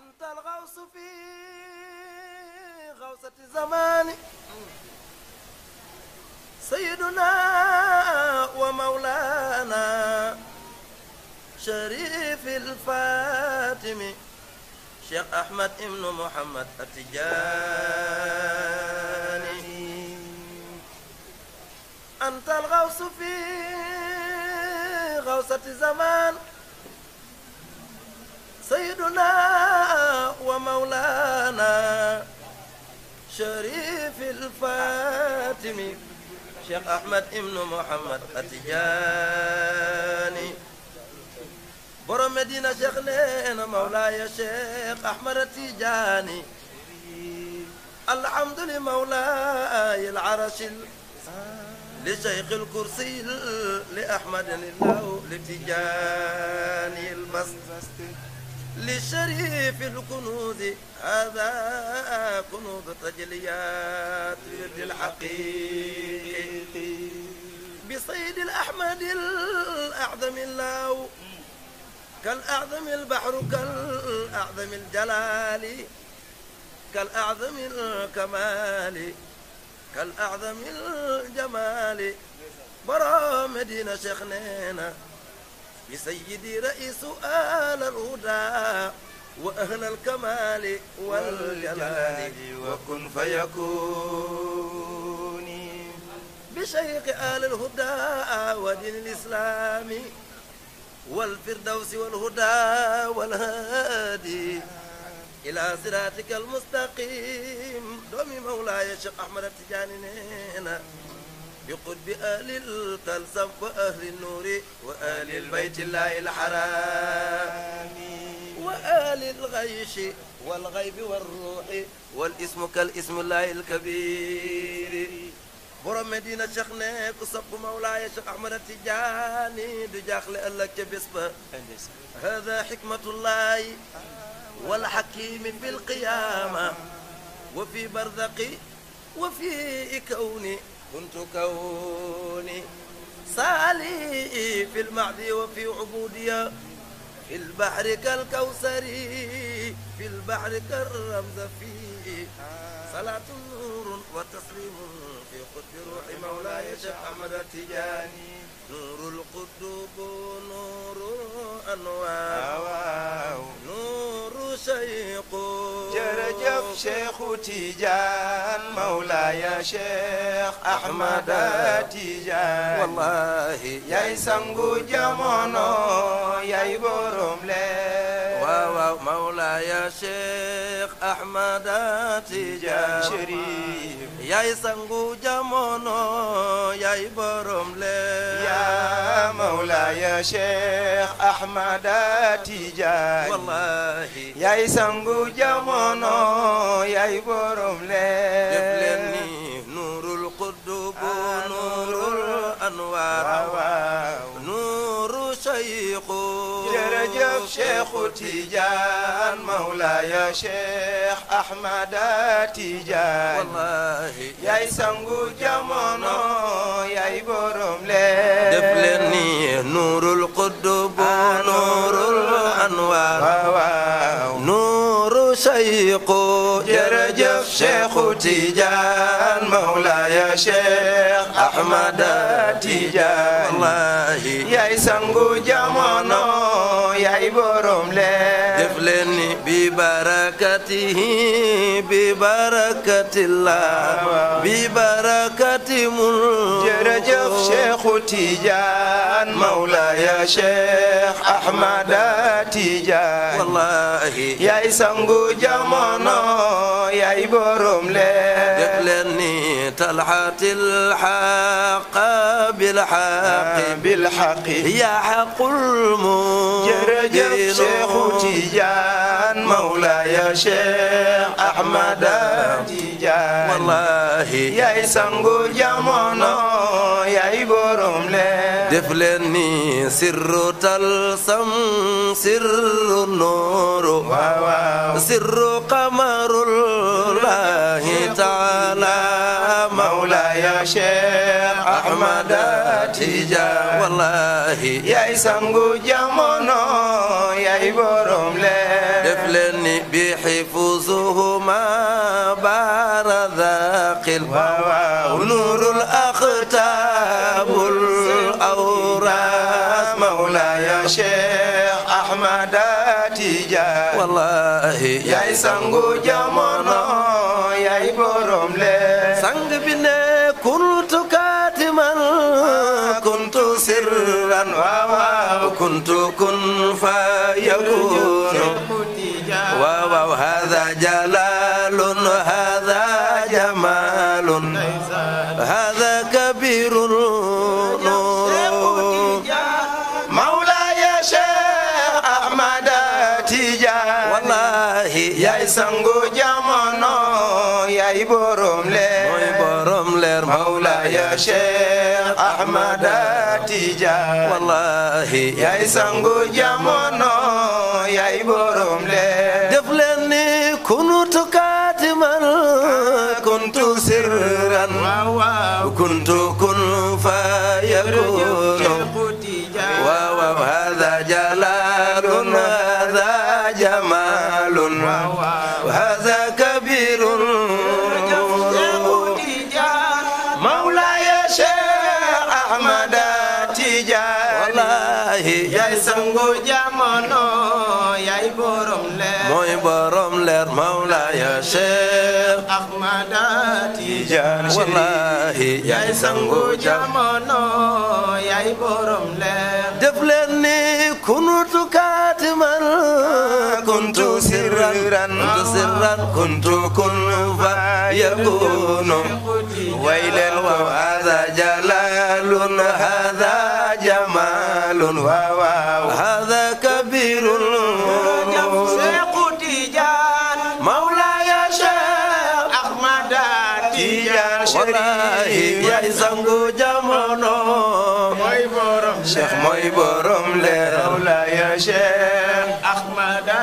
أنت الغوص في غوصة زماني سيدنا ومولانا شريف الفاتم شيخ أحمد ابن محمد التجاني أنت الغوص في غوصة زمان سيدنا ومولانا شريف الفاتم شيخ أحمد ابن محمد التجاني borom Medina Cheikh nee na Mawlaaya Cheikh Ahmad Tijaani الحمد لمولاي العرش لشيخ الكرسي لأحمد الله لتجاني البسط لشريف الكنوز هذا كنوز تجليات ورد الحقيقي بصيد الأحمد الأعظم الله كالأعظم البحر كالأعظم الجلال كالأعظم الكمال كالأعظم الجمال برا مدينة شيخنا بسيدي رئيس آل الهدى وأهل الكمال والجلال وكن فيكون بشيخ آل الهدى ودين الإسلام والفردوس والهدى والهادي إلى صراطك المستقيم دومي مولاي الشيخ أحمد التجاني نينا بقرب أهل الكلسم وأهل النور وأهل البيت الله الحرام وآل الغيش والغيب والروح والاسم كالاسم الله الكبير borom Medina Cheikh ne ku sopp Mawlaaya Cheikh Ahmada Tijaani du jaaxle ëllëg ca bés ba hada xikmatullahi wal xakimi bilqiyaama wa fi barzaqi wa fi ikawni كنت كوني سالي في المعدي وفي عبودية في البحر كالكوثر في البحر كالرمز في صلاة نور وتسليم في قطب روح مولاي شيخ أحمد التجاني نور القطب نور أنوار نور شيخ جرجف شيخ تيجان مولاي شيخ ahmada tijaan wallahi yaay sangu jamono yaay borom leen waaw waaw mawlaaya cheikh ahmada tijaan sharif yaay sangu jamono yaay borom leen yaa mawlaaya cheikh ahmada tijaan wallahi yaay sangu jamono yaay borom leen anwaar nuuru sayxu jërëjëf Seexu Tijaan mawlaaya Seex Ahmada Tijaan wallaahi yaay sangu jamono yaay borom leen def leen ni nuurul qutbu ah, nuurul anwaar nuuru sayqu jërëjëf Cheikhu Tijaan mawlaaya Cheikh Ahmad Tijaan wallaahi yaay sangu jamono yaay borom leer def leen ni bi barakatihi bi barakatillah bi barakati mul jërëjëf Cheikhu Tijaan mawlaaya Cheikh Ahmad Tijaan wallaahi yaay sangu jamono yaay borom leen def leen ni talxatil xaq bilxaq bilxaq ah, yaa xaqul mu jërëjëf Cheikhu Tijaan mawlaaya Cheikh Ahmada Tijaan wallahi yaay sangu jamono yaay borom leen def leen ni sirru talsam sirru nooru waaw waaw البر قمر الله تعالى مولاي شيخ أحمد تجا والله يا سانغو جامونو يا بروم دفلني بحفظهما بار ذاق الهوى ونور الأختاب الأوراق مولاي شيخ Ahmada Tijaan wallaahi yaay sangu jamono yaay borom le sang bi ne kuntu kaatiman ah, kuntu sirran waaw kun fa yakunu waaw waaw hada sangu jamono yaay borom leer mooy borom leer mawlaaya Cheikh Ahmada Tijaan wallahi yaay sangu jamono boobu mooy borom sangu jamono yaay borom leer def leen ni kunutu kaatiman sirran sirran kun fa yakunu way leen hada jalalun hada jamalun waaw hada kabirun wallaahi yaay sangu jamono mooy borom cheikh mooy borom leer mawlaaya cheikh ahmada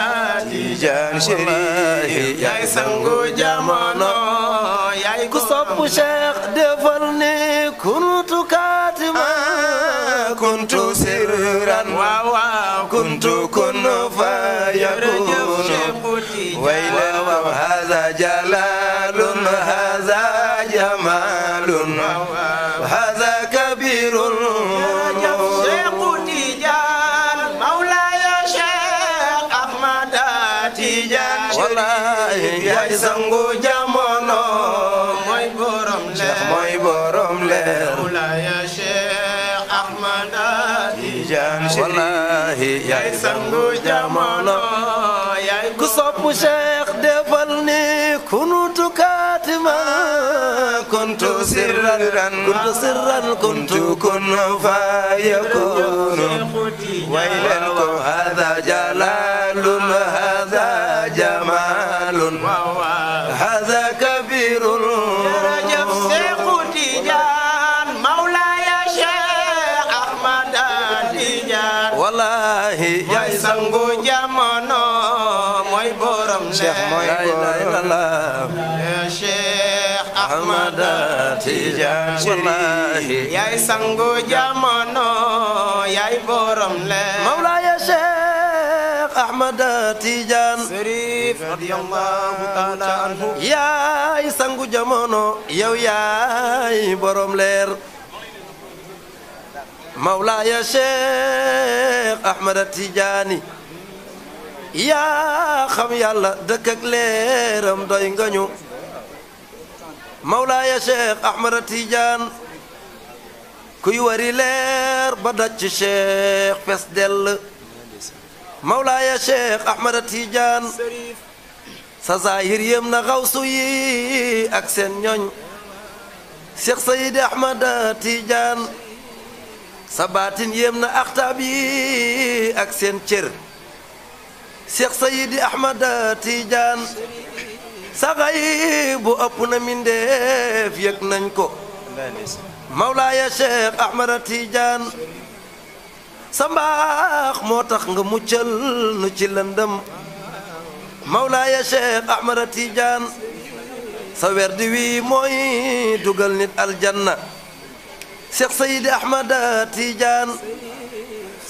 tijaan chérif yaay sangu jamono yaay ku sopp cheikh defal ni kuntu katima ah, kuntu sirran waaw waaw kuntu kun fa yakun waylan wa hadha jalalun جمال وهذا كبير شيخ تيجان مولاي شيخ أحمد تيجان والله يا سنغو جامونو موي بورم لير موي بورم لير مولاي شيخ أحمد تيجان والله يا سنغو جامونو يا كسب شيخ دفلني كنت كاتمان كنت سرا كنت سرا كنت كن فيكون ويلك هذا جلال هذا جمال هذا كبير رجب شيخ تيجان مولاي شيخ احمد تيجان والله يا سانغو جامانو موي بورم شيخ موي wallahi yaay sangu jamono yaay borom leer mawlaaya Cheikh Ahmad Tidiane yaay sangu jamono yow yaay borom leer mawlaaya Cheikh Ahmad Tidiane yaa xam yàlla dëkk ak leeram doy nga ñu mawlaaya cheikh ahmada tidiane kuy wari leer ba daj ci cheikh dell mawlaaya cheikh ahmada tidiane sa zaahir yéem na xawsu yi ak seen ñooñ cheikh sayidi ahmada tidiane sa baatin yéem na axtaab yi ak seen cër cheikh sayidi ahmada tidiane saxay bu ëpp na mindeef yëg nañ ko mawlaaya cheikh ahmada tiijaan sa mbaax moo tax nga muccal nu ci lëndëm mawlaaya cheikh ahmada tiijaan sa werd wi mooy dugal nit aljanna cheikh sayidi ahmada tiijaan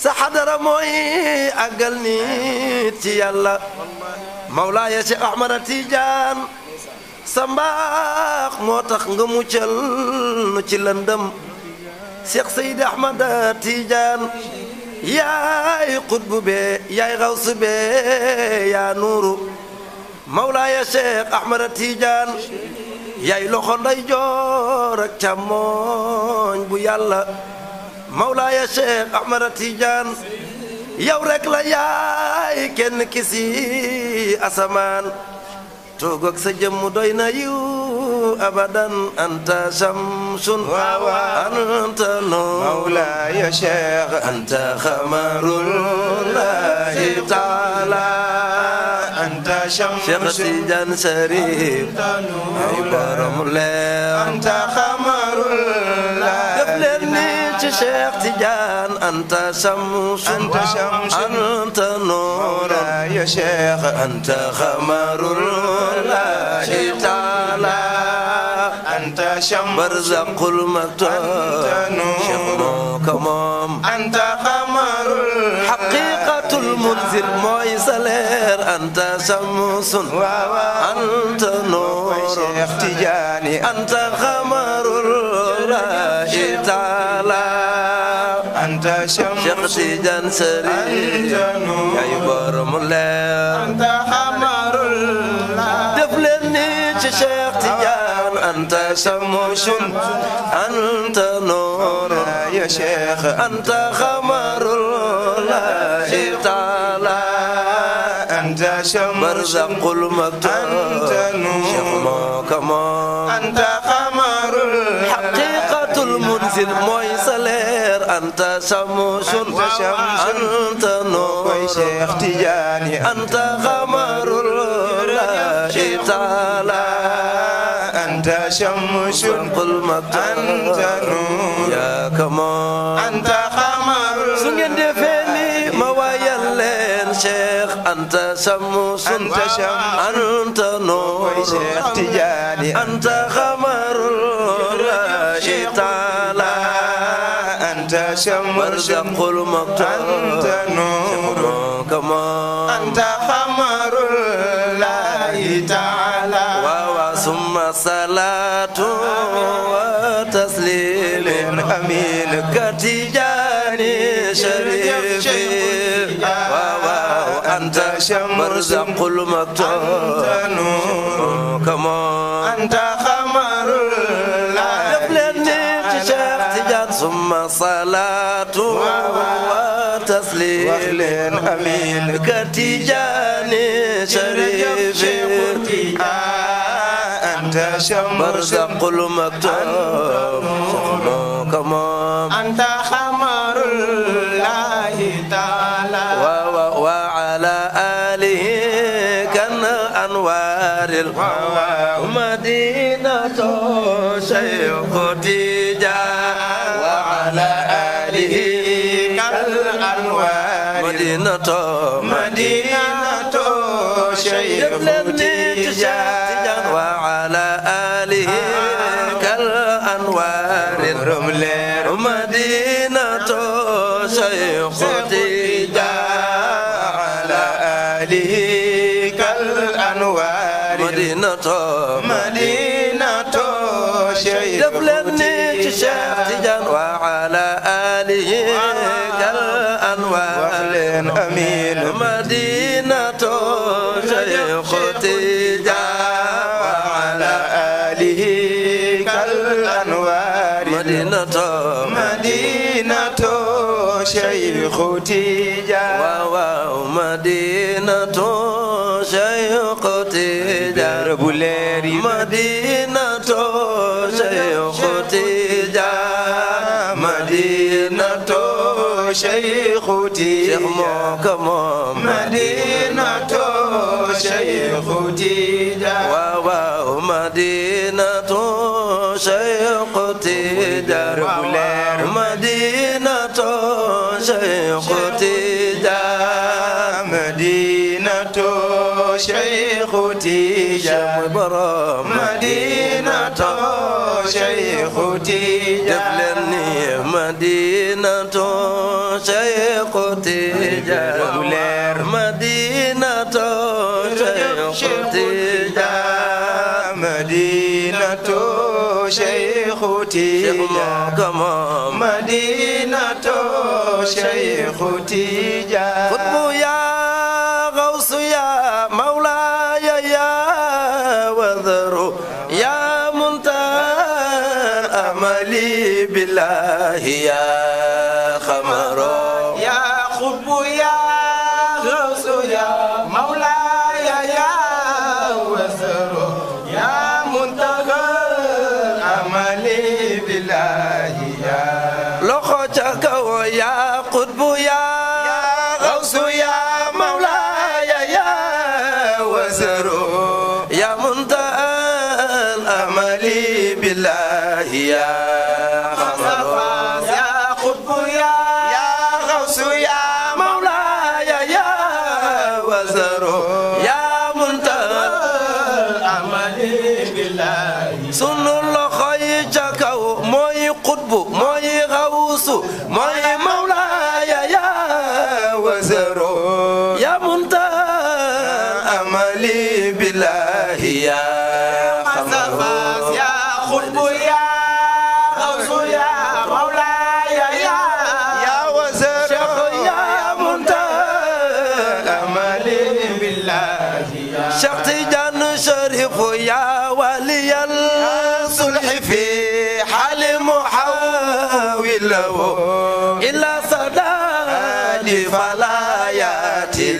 sa xadara mooy àggal nit ci yàlla mawlaaya Cheikh Ahmada Tidiane sa mbaax moo tax nga muccal nu ci lëndëm Cheikh Seydi Ahmada Tidiane yaay xutbu bee yaay xawsu bee yaa nuuru mawlaaya Cheikh Ahmada Tidiane yaay loxo nday joor ak bu yàlla mawlaaya Cheikh Ahmada Tidiane yow rek la yaay kenn kisi asamaan toogok sa jëmm doy na yiw abadan anta shamsun wa anta nur mawlaaya cheikh anta xamarullahi taala anta shamsun cheikh Tidiane Chérif ay borom leer anta xamarullahi Cheikh Tidiane anta shamsu anta nuuru ya Cheikh anta xamarul laahi taala anta sham barzaqul maktum Cheikh moo ko moom anta xamarul xaqiqatul munzir mooy sa leer anta shamsun anta nuuru Cheikh Tidiane anta xamarul لا إله إلا أنت شمس شخصي جنسري أنت نور يا يبرم الله أنت حمر الله دفلني شيخ تيان أنت شمس أنت نور يا شيخ أنت خمر الله تعالى أنت شمس برزق المكتوب أنت نور شيخ ما كمان أنت خمر sin mooy sa leer anta samusun anta nooy Cheikh Tidiane anta xamarul la itaala anta samusun qul makta anta nuur yaa kamoon anta xamarul su ngeen defee ni ma wayal leen Cheikh anta samusun anta nooy Cheikh Tidiane anta xamarul أنت شمس برزق المقتار أنت نور كما أنت خمر الله تعالى ثم صلاة وتسليم أمين كتجاني شريف واو أنت شمس برزق المقتار أنت نور كما أنت اللهم صلاة وتسليم أمين كتجاني شريف أنت شمس قل مكتوب كمام أنت خمر الله تعالى وعلى آله كان أنوار الحوار na xutija waaw waaw madinatu sey xutija bu leer yi madinatu sey xutija madinatu sey xutija moo ko moom madinatu sey xutija waaw waaw madinatu sey xutija bu leer شيخ تيجان برام مدينة شيخ تيجان دفلني مدينة شيخ تيجان ولير مدينة شيخ تيجان مدينة شيخ تيجان مدينة شيخ تيجان لي بالله يا خمر يا خب يا غوث يا مولاي يا وسر يا منتهى املي بالله له إلا صلاة فلا يأتي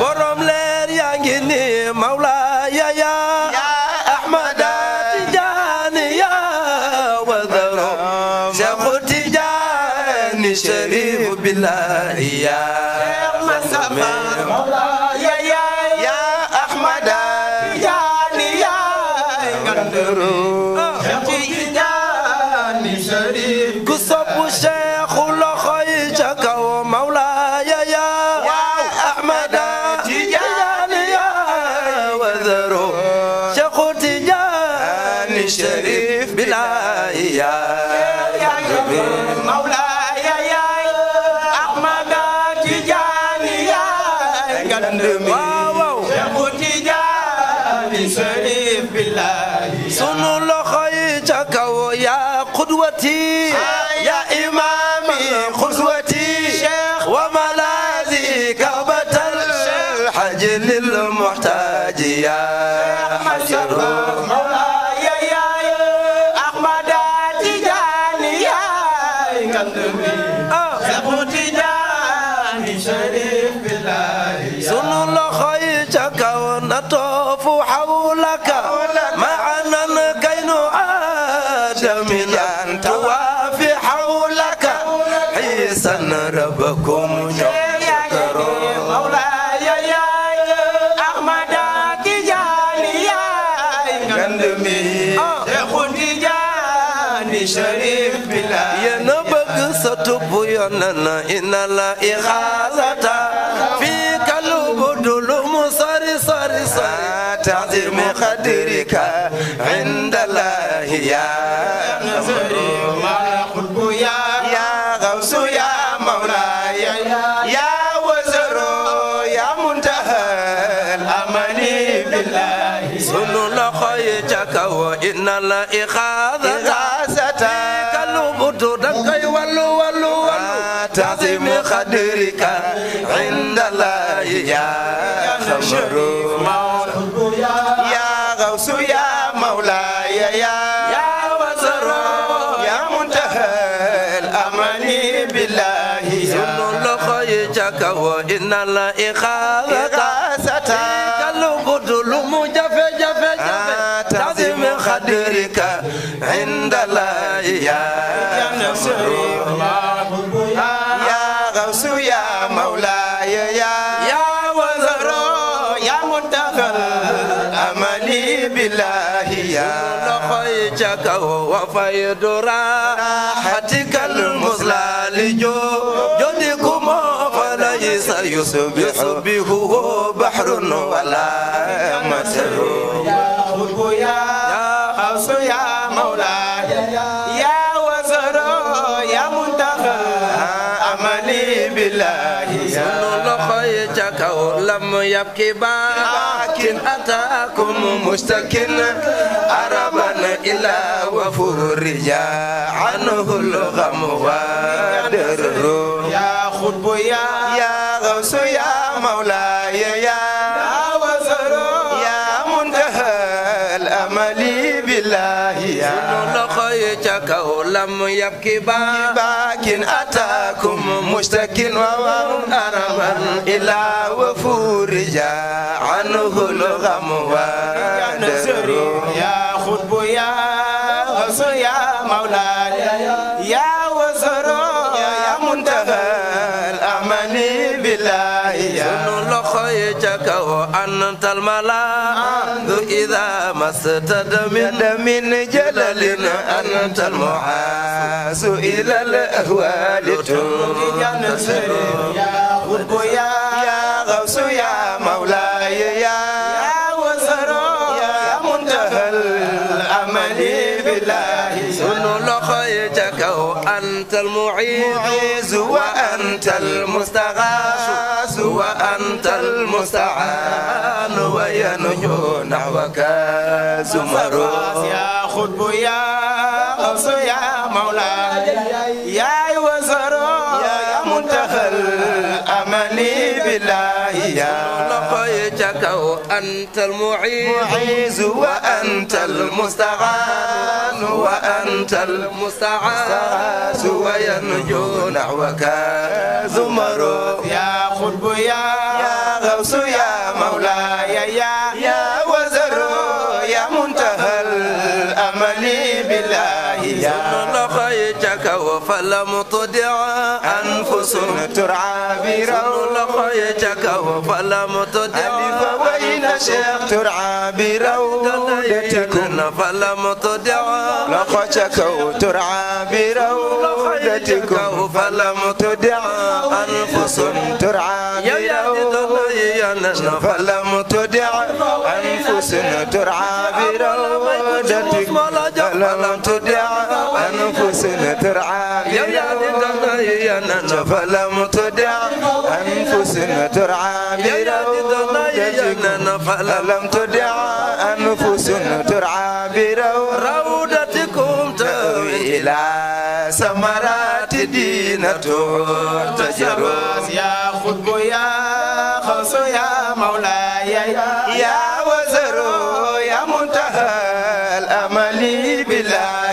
borom leer yaa ngi ni mawlaaya ya ahmada tijaani ya wadaro cheikhu tijaani sharif billahi ya sëtu bu yoon na na ina la i xaasata قدرك عند الله يا نظري ما قلب يا يا غوث يا مولاي يا وزر يا منتهى الامل بالله سن لخيتك وان الاخاذة ستك لبد دكي ولو ولو ولو تعظيم قدرك عند الله يا خمرو naan la ixaasata ixaasata kallu gudd lu mu jafe jafe jafe tazim xadrika inda laahi yaa nasru yaa xawsu yaa mawlaaya yaa wazaro yaa muntaxal amali billaahi yaa loxoy ca kaw wa faydu raaxatikal muslali joo يصبحه بحر ولا يمسه يا رب يا غوث يا مولاي يا وزر يا منتهى أملي بالله سن لخيتك لم يبكي باكن أتاكم مشتكن عربا إلا وفرج عنه الغم ودره يا خطب يا القدوس يا مولاي يا يا منتهى الأمل بالله يا خيتك لم يبكي باك أتاكم مشتك وأنا من إلى وفرج عنه الغم ونذر يا خطب يا غص يا مولاي يا وزر يا منتهى ca kaw antal mala du ida masta damin damin jalalin antal muhasu ila al ahwal tunqidana ya qurbu ya ya ghawsu ya mawlaya ya wasaru ya muntahal amali billahi sunu loxo yi ca kaw antal mu'izu wa antal mustaghasu وأنت المستعان وينجو نحوك زمر يا خطب يا أوس يا مولاي يا وأنت المعيز وأنت المستعان وأنت المستعاذ وينجو نحوك زمر يا قلب يا غوث يا مولاي يا يا وزر يا منتهى الأمل بالله يا لقيتك وفلم تدعى ترعى برو لخو يتكو فلم تدع ألف وين شيخ ترعى برو دتكم فلم تدع لخو تكو ترعى برو دتكم فلم تدع أنفس ترعى برو فلم تدع أنفس ترعى برودتك فلم تدع أنفس ترعى برودتك ضينا فلم تدع أنفس ترعى بروضتكم فلم تدع أنفس ترعى بروضتكم تروي إلى سمرات دينة تجرس يا خطب يا خص يا مولاي يا وزر يا منتهى الأمل بالله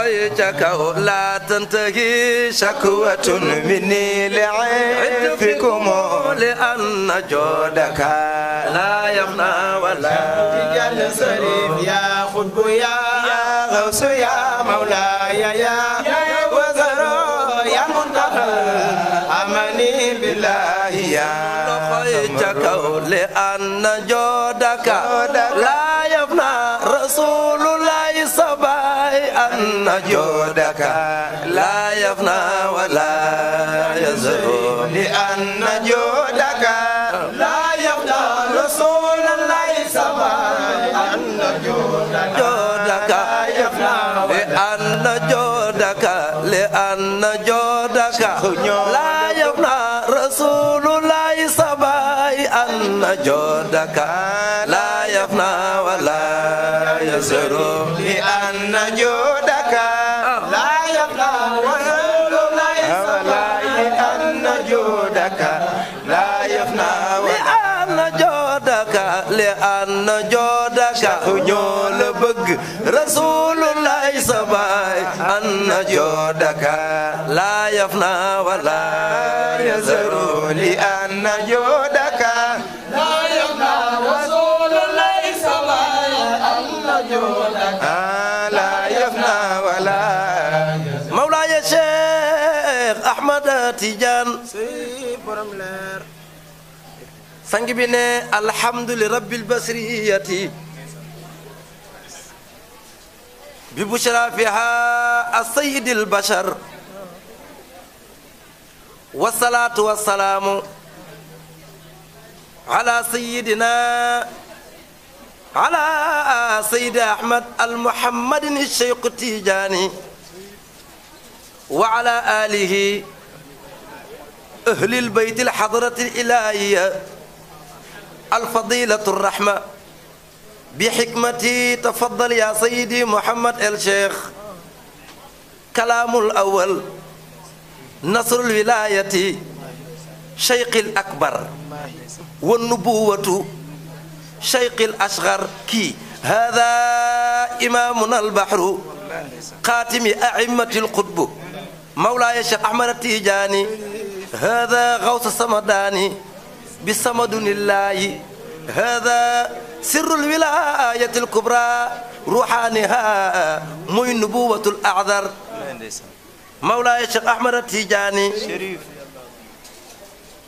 loxoy ca kaw laa tantahi shakwatun minni li'afikum li anna joodaka laa yafna wala tijal sarif ya xutbu ya gawsu ya mawlaya ya wazaro ya muntaha amani billahi ya loxoy kaw li anna joodaka جودك لا يفنى ولا يزول لأن جودك لا يفنى رسول الله سما أن جودك يفنى لأن جودك لأن جودك لا يفنى رسول الله سما أن جودك أن جودك لا يفنى ولا يزر لأن جودك لا يفنى رسول ليس أن جودك لا يفنى ولا مولاي شيخ أحمد تيجان سنجبني الحمد لرب البشرية bi bushra fiha sayidil bashar wasalaatu wasalaamu ala sayidina ala sayidi ahmad al muhammadin cheikhu tijaani wa ala alihi ahlil baytil hadratil ilahiyya al fadilatu rahma بحكمتي تفضل يا سيدي محمد الشيخ كلام الأول نصر الولاية شيخ الأكبر والنبوة شيخ الأشغر كي هذا إمامنا البحر قاتم أعمة القطب مولاي الشيخ أحمد التيجاني هذا غوث السمداني بسمد الله هذا sirrul wilaayatil kubra ruuxaaniha muy nubuwatul acdar mawlaaya Cheikh Ahmed Tijaani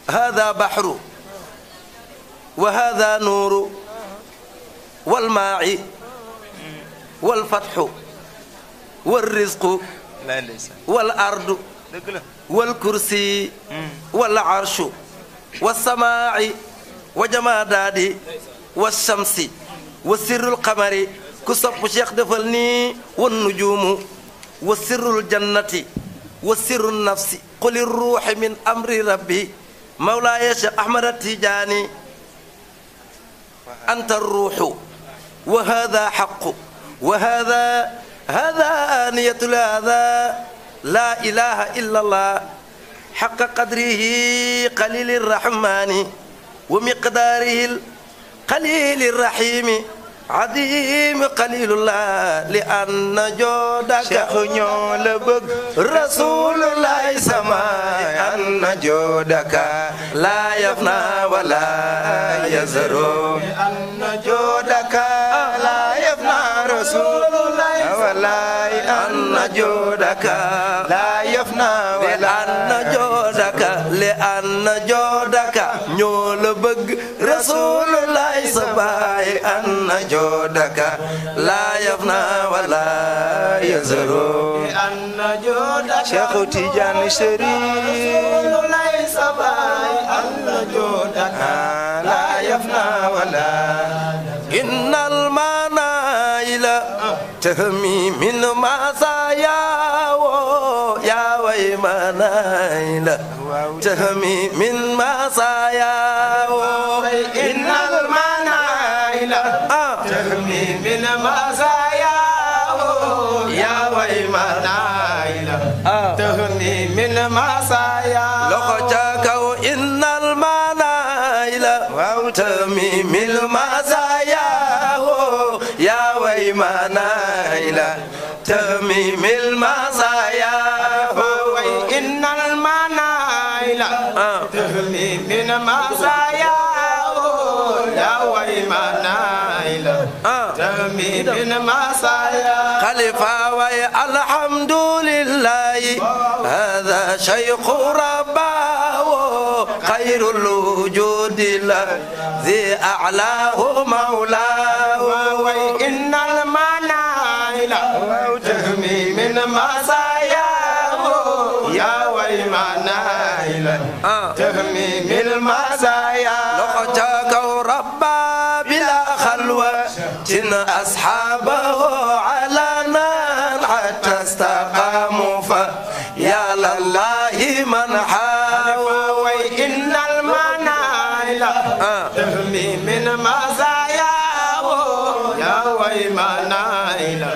haadaa baxru wa haadaa nuuru walmaaci walfatxu walrisqu walardu walkursi walcarshu walsamaaci wa jamaadaadi wa shamsi wa sirrul qamari ku sopp cheikh defal nii wan nujuumu wa sirrul jannati wa sirrul nafsi quli ruuxi min amri rabbi mawlaaya cheikh ahmada tijaani anta ruuxu wa hada xaqu wa hada hada aaniyatul hada laa ilaha illa allah xaqa qadrihi qalili rahmaani wa miqdaarihi خليل الرحيم عظيم قليل الله لأن جودك خنول بك رسول الله سما أن جودك لا يفنى ولا يزر أن جودك لا يفنى رسول الله ولا أن جودك لا يفنى ولا أن جودك لأن جودك ñoo la bëgg rasulullahi sabaay anna joodaka laa yafna wala yazuru anna joodaka Cheikhu Tidiane Chérif sabaay anna joodaka laa yafna wala innal maana ila tahmi min masaya wo ya جهمي من مصايا إن المنائل جهمي من مصايا يا وي منائل تهمي من مصايا لقجاكو إن المنائل تهمي من مصايا يا وي منائل تهمي من مصايا من مسايا خليفة والحمد لله هذا شيخ رباه خير الوجود الذي أعلاه مولاه وإن المنائل تهمي من مساياه يا ويمنائل تهمي من مسايا لقد رباه وفتن أصحابه على نار حتى استقاموا فيا لله من حاوى وإن المنايل تهمي من مزاياه يا وي منايل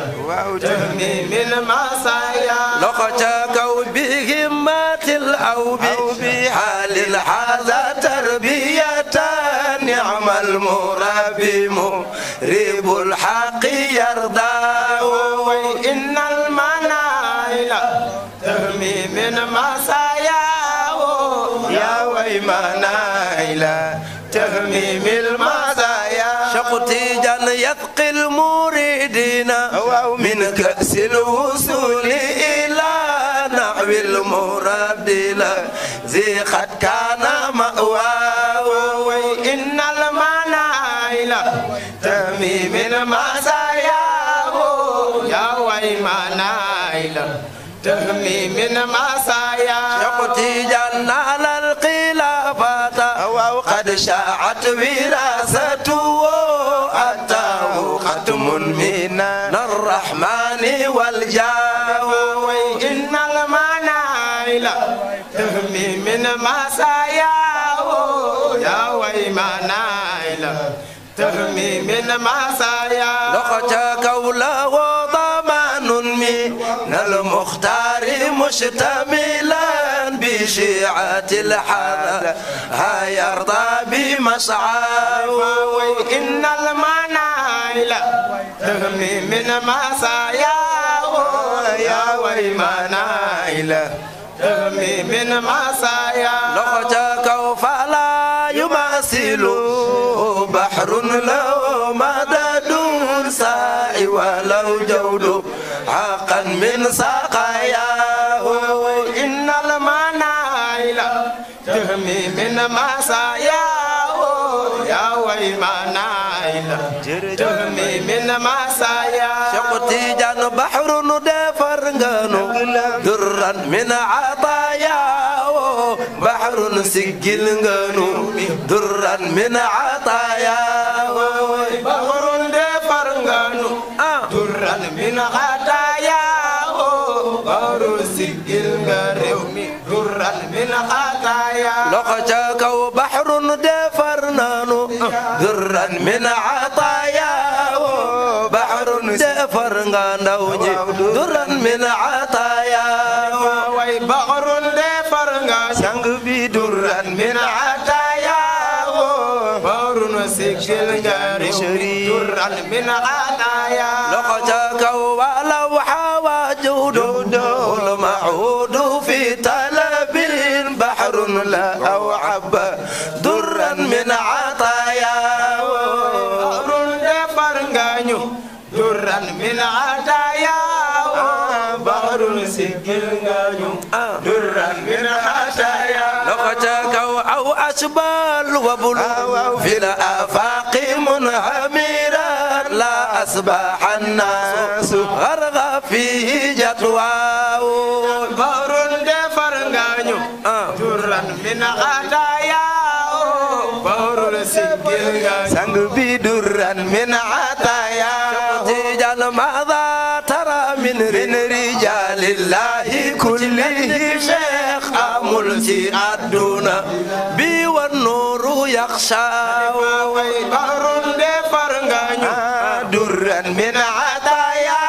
تهمي من مزاياه لقد كو بهمات الأو بحال هذا تربية نعم المربي ريب الحق يرضاه إن المنايل تهمي من مصاياه يا ويمنايل تهمي من مصاياه شقتي جن يثقي المريدين من كأس الوصول إلى نحو المربدل زي قد كان مأواه مساياه يا ويمانايلا تهمي من مساياه شقتي جنان القلافة وقد شاعت وراثته أتاه ختم من الرحمن والجاه وإن المنايلا تهمي من مساياه يا ويمانايلا تهمي من مساياه loxo ca kaw la woo damaanun min al-muxtaari mustamilan bi shiicatil xaada ha yarda bi mascaahu inna al-manaa'ila tahmi min masaayaahu ya way manaa'ila tahmi min masaayaahu loxo ca kaw fa laa yumaasilu bahrun lahu madaa ساعي ولو جود حقا من سقاياه إن المنائل تهمي من مساياه يا ويمنائل تهمي من مساياه شقتي جان بحر ندفر غنو درا من عطاياه بحر سجل غنو درا من عطاياه min ataayaawo baxrun jëfar nga ndaw ñi duran min ataayaawo way baxrun defar nga sang bi duran min ataayaawo baxrun siggil nga duran min ataayaawo وبلو في الآفاق منهميرا لا أصبح الناس غرغ فيه جتواه بار دفر غانيو جرا من خطايا بار سجل سنگ بدرا من عطايا رجال ماذا ترى من رجال الله كله شيخ أملتي أدونا بيو buuru yaxsha way oh. barun defar nga ñu ah. durran min ataya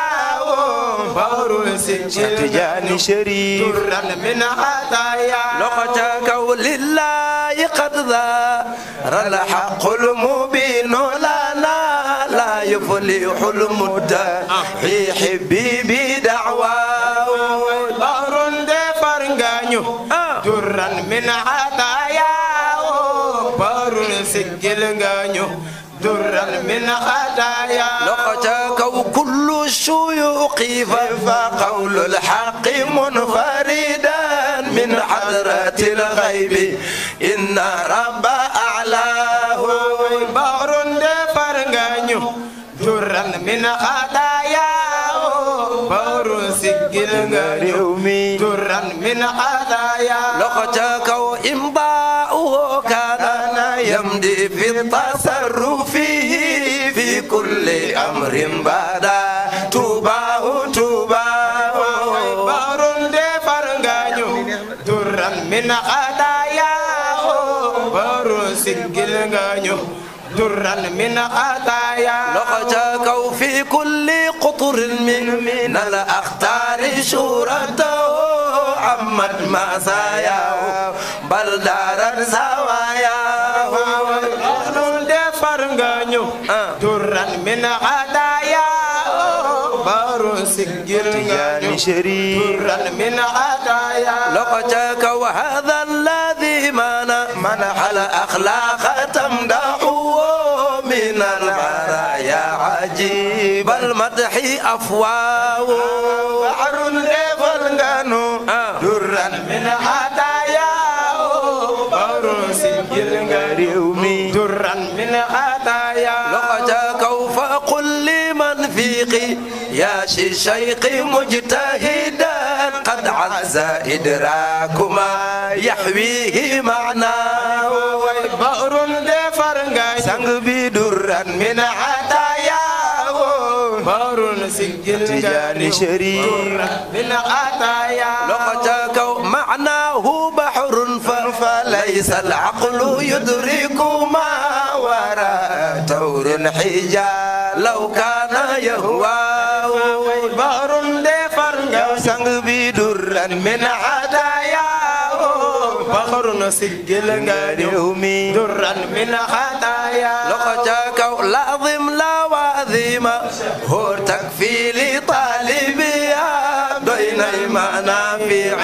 oh. barul si ci Tijaani Sharif durran min ataya loxo ca kaw lillahi qad zahara al-haqqul mubinu lana la yuflihul mudda'i habibi da'wa oh. barun defar nga ñu ah. durran min ataya siggil nga ñu dural min xataaya loxota kaw kullu suyuqi fa qawlul xaqi munfaridan min xadratil xaybi inna rabba alaahu bahrun defar nga ñu dural min xataaya bahrun siggil nga ñu dural min xataaya loxota kaw imba الحمد في التصرف في كل أمر بعد توباه توباه بار دفر غانيو درا من خطايا بار سنجل غانيو درا من خطايا لقد كو في كل قطر من الأخطار شورته عمت مساياه بل دارت سوايا waawal nun defar nga ñu turan min xadaaya baru siggil nga ñu turan min xadaaya loxo ca kaw hada alladi mana man xala axlaaqa tamdaxuwo min albaraya ajib almadxi afwaawo عاش شيقي مجتهدا قد عز إدراك ما يحويه معناه بئر دفرنجا سنغ بدرا من عطاياه بئر سجن تجاري شريف من عطاياه لقد معناه بحر فليس العقل يدرك ما وراء تور حجاب لو كان يهوى قلبي درا من عداياه بخر سجل يومي درا من خطايا لقجاك لازم لا وظيمة هور تكفي لطالبيا بين المنافع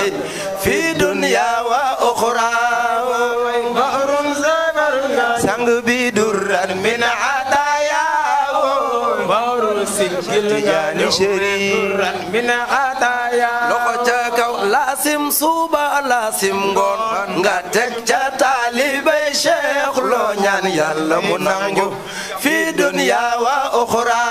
tijaani shérif mina xataaya loxo ca kaw laasim suba laasim ngoon nga teg ca taalibay cheikh loo ñaan yàlla mu nangu fi dunya wa uxra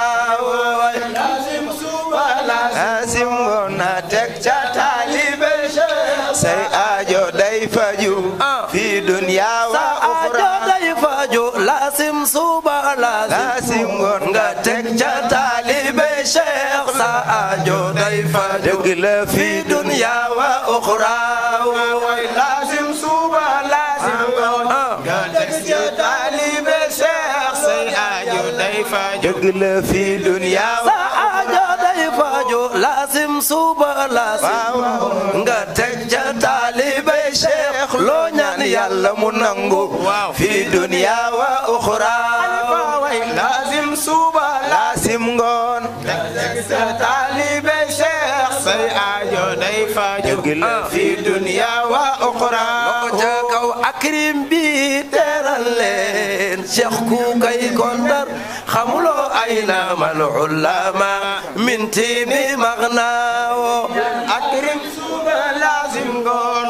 laasim suba laasim ngoon nga teg ca taalibay cheikh say aajo day faju ah. fi dunya wa uxra laasim suba laasim ngoon nga teg ca Cheikh Sadio day fa dëgg la fi dunya wa ukhra wa way lazim suba lazim ko nga day fa dëgg la fi day fa jo lazim suba lazim nga teg ca taalibe Cheikh loo ñaan yàlla mu nangu fi dunya wa ukhra lazim suba lazim ngoon taalibe Cheikh say aajo day faju ah. fi dunya wa uxra ca kaw akrim bi teral leen Cheikh ku kay kondar xamuloo ayna mal ulama min tibi magnawo akrim suba lazim ngoon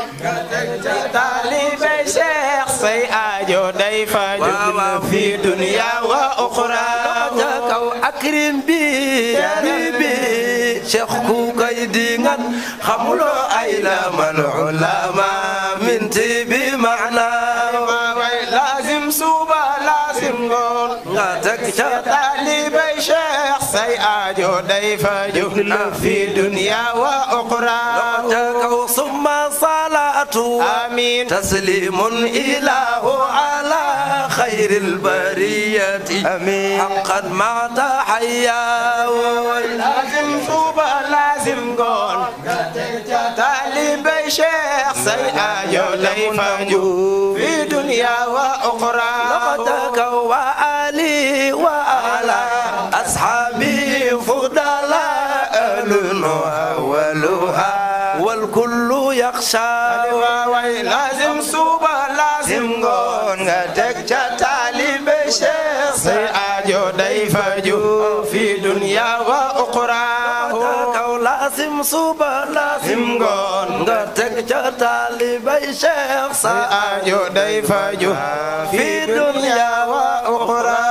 ca taalibe Cheikh say aajo day faju fi dunya wa cheikh ku koy dingat xamuloo a la mal ulama minti bi maana way lazim suba lazim ngoon nga teg ca taalibay cheikh say aajo day faju fi dunya wa ukhra takaw summa salatu amin taslimun ilahu ala khairil bariyati amin haqqan ma tahayya lazim suba lazim gon talibay cheikh say aajo day faju fi dunya wa ukhra laqad takaw wa ali wa ala أصحابي فضلاء أولها والكل يخشى لازم سوبا لازم غون غدك جتالي بشيخ سيأجو ديفجو في دنيا وأخرى لازم سوبا لازم غون غدك جتالي بشيخ سيأجو ديفجو في دنيا وأخرى